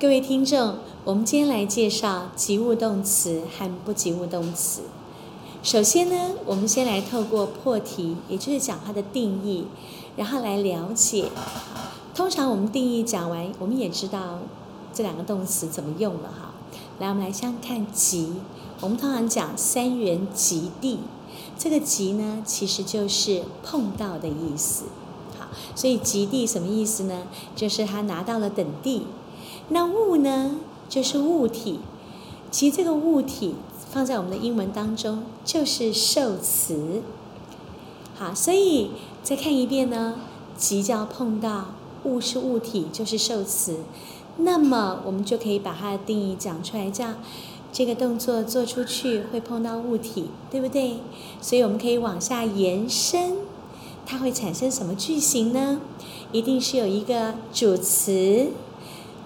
各位聽眾，我們今天來介紹及物動詞和不及物動詞。首先呢，我們先來透過破題，也就是講它的定義，然後來了解。通常我們定義講完，我們也知道這兩個動詞怎麼用了哈。來，我們來先看及，我們通常講三元及第，這個及呢，其實就是碰到的意思。好，所以及第什麼意思呢？就是他拿到了等第。那物呢，就是物體。其實這個物體放在我們的英文當中就是受詞。好，所以再看一遍呢，即將碰到物是物體，就是受詞。那麼我們就可以把它的定義講出來，叫這，這個動作做出去會碰到物體，對不對？所以我們可以往下延伸，它會產生什麼句型呢？一定是有一個主詞。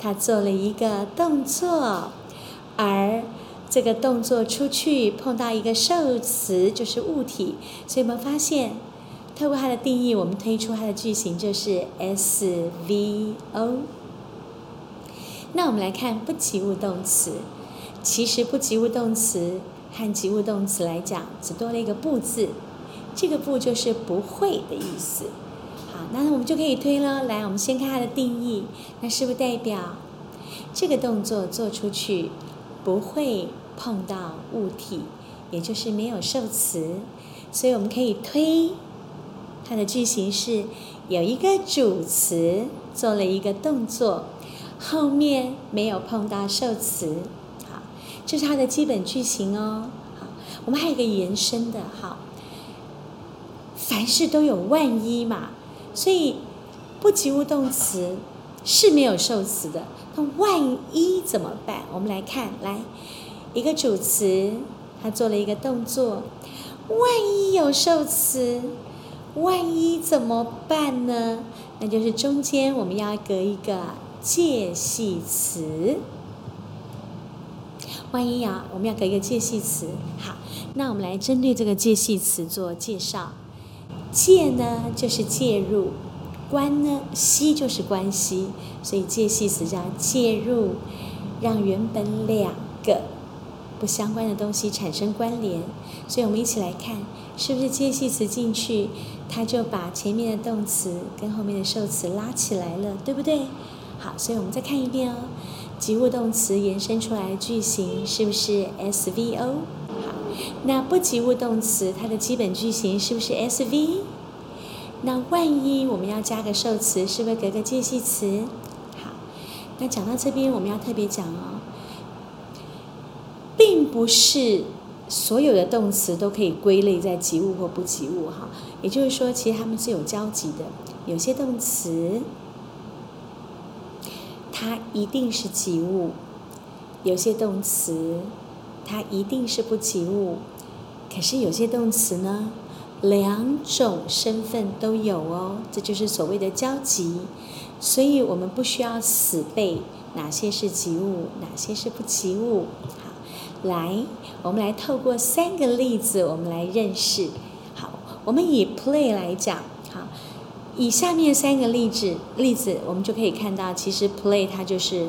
他做了一個動作，而這個動作出去碰到一個受詞，就是物體。所以，我們發現，透過它的定義，我們推出它的句型就是 SVO。那我們來看不及物動詞，其實不及物動詞和及物動詞來講，只多了一個“不”字，這個“不”就是不會的意思。好，那我們就可以推了，來，我們先看它的定義，那是不是代表這個動作做出去不會碰到物體，也就是沒有受詞，所以我們可以推。它的句型是有一個主詞做了一個動作，後面沒有碰到受詞。好，這是它的基本句型哦。好，我們還有一個延伸的，哈，凡事都有萬一嘛。所以不及物動詞是沒有受詞的。那萬一怎麼辦？我們來看，來一個主詞，它做了一個動作。萬一有受詞，萬一怎麼辦呢？那就是中間我們要隔一個介系詞。萬一啊，我們要隔一個介系詞。好，那我們來針對這個介系詞做介紹。介呢就是介入，關呢系就是關係，所以介系詞叫介入，讓原本兩個不相關的東西產生關聯。所以我們一起來看，是不是介系詞進去，它就把前面的動詞跟後面的受詞拉起來了，對不對？好，所以我們再看一遍哦，及物動詞延伸出來的句型是不是 SVO？那不及物動詞，它的基本句型是不是 S V？那萬一我們要加個受詞，是不是隔個介系詞？好，那講到這邊，我們要特別講哦，並不是所有的動詞都可以歸類在及物或不及物哈。也就是說，其實它們是有交集的。有些動詞它一定是及物，有些動詞。它一定是不及物，可是有些動詞呢，兩種身份都有哦，這就是所謂的交集。所以我們不需要死背哪些是及物，哪些是不及物。好，來，我們來透過三個例子，我們來認識。好，我們以 play 來講。好，以下面三個例子，例子我們就可以看到，其實 play 它就是。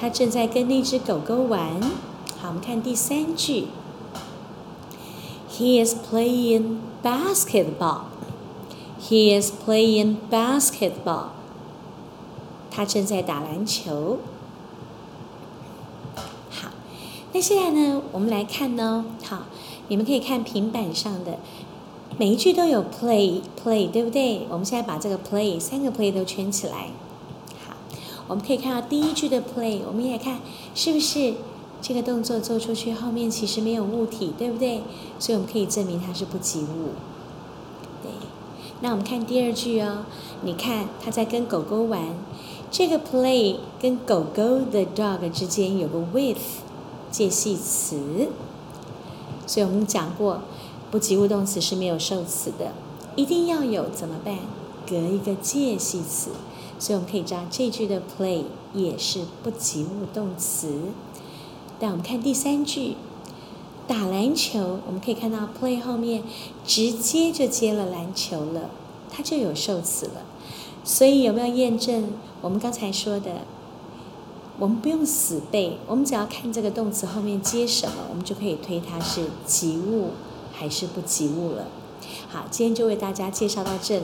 他正在跟那只狗狗玩。好，我們看第三句。He is playing basketball. He is playing basketball. 他正在打籃球。好，那現在呢？我們來看哦。好，你們可以看平板上的，每一句都有 play play，對不對？我們現在把這個 play 三個 play 都圈起來。我們可以看到第一句的 play，我們也看是不是這個動作做出去，後面其實沒有物體，對不對？所以我們可以證明它是不及物。對，對，那我們看第二句哦，你看它在跟狗狗玩，這個 play 跟狗狗 the dog 之間有個 with 介系詞，所以我們講過，不及物動詞是沒有受詞的，一定要有怎麼辦？隔一個介系詞。所以我們可以知道，這句的 play 也是不及物動詞。但我們看第三句，打籃球，我們可以看到 play 後面直接就接了籃球了，它就有受詞了。所以有沒有驗證我們剛才說的？我們不用死背，我們只要看這個動詞後面接什麼，我們就可以推它是及物還是不及物了。好，今天就為大家介紹到這裡。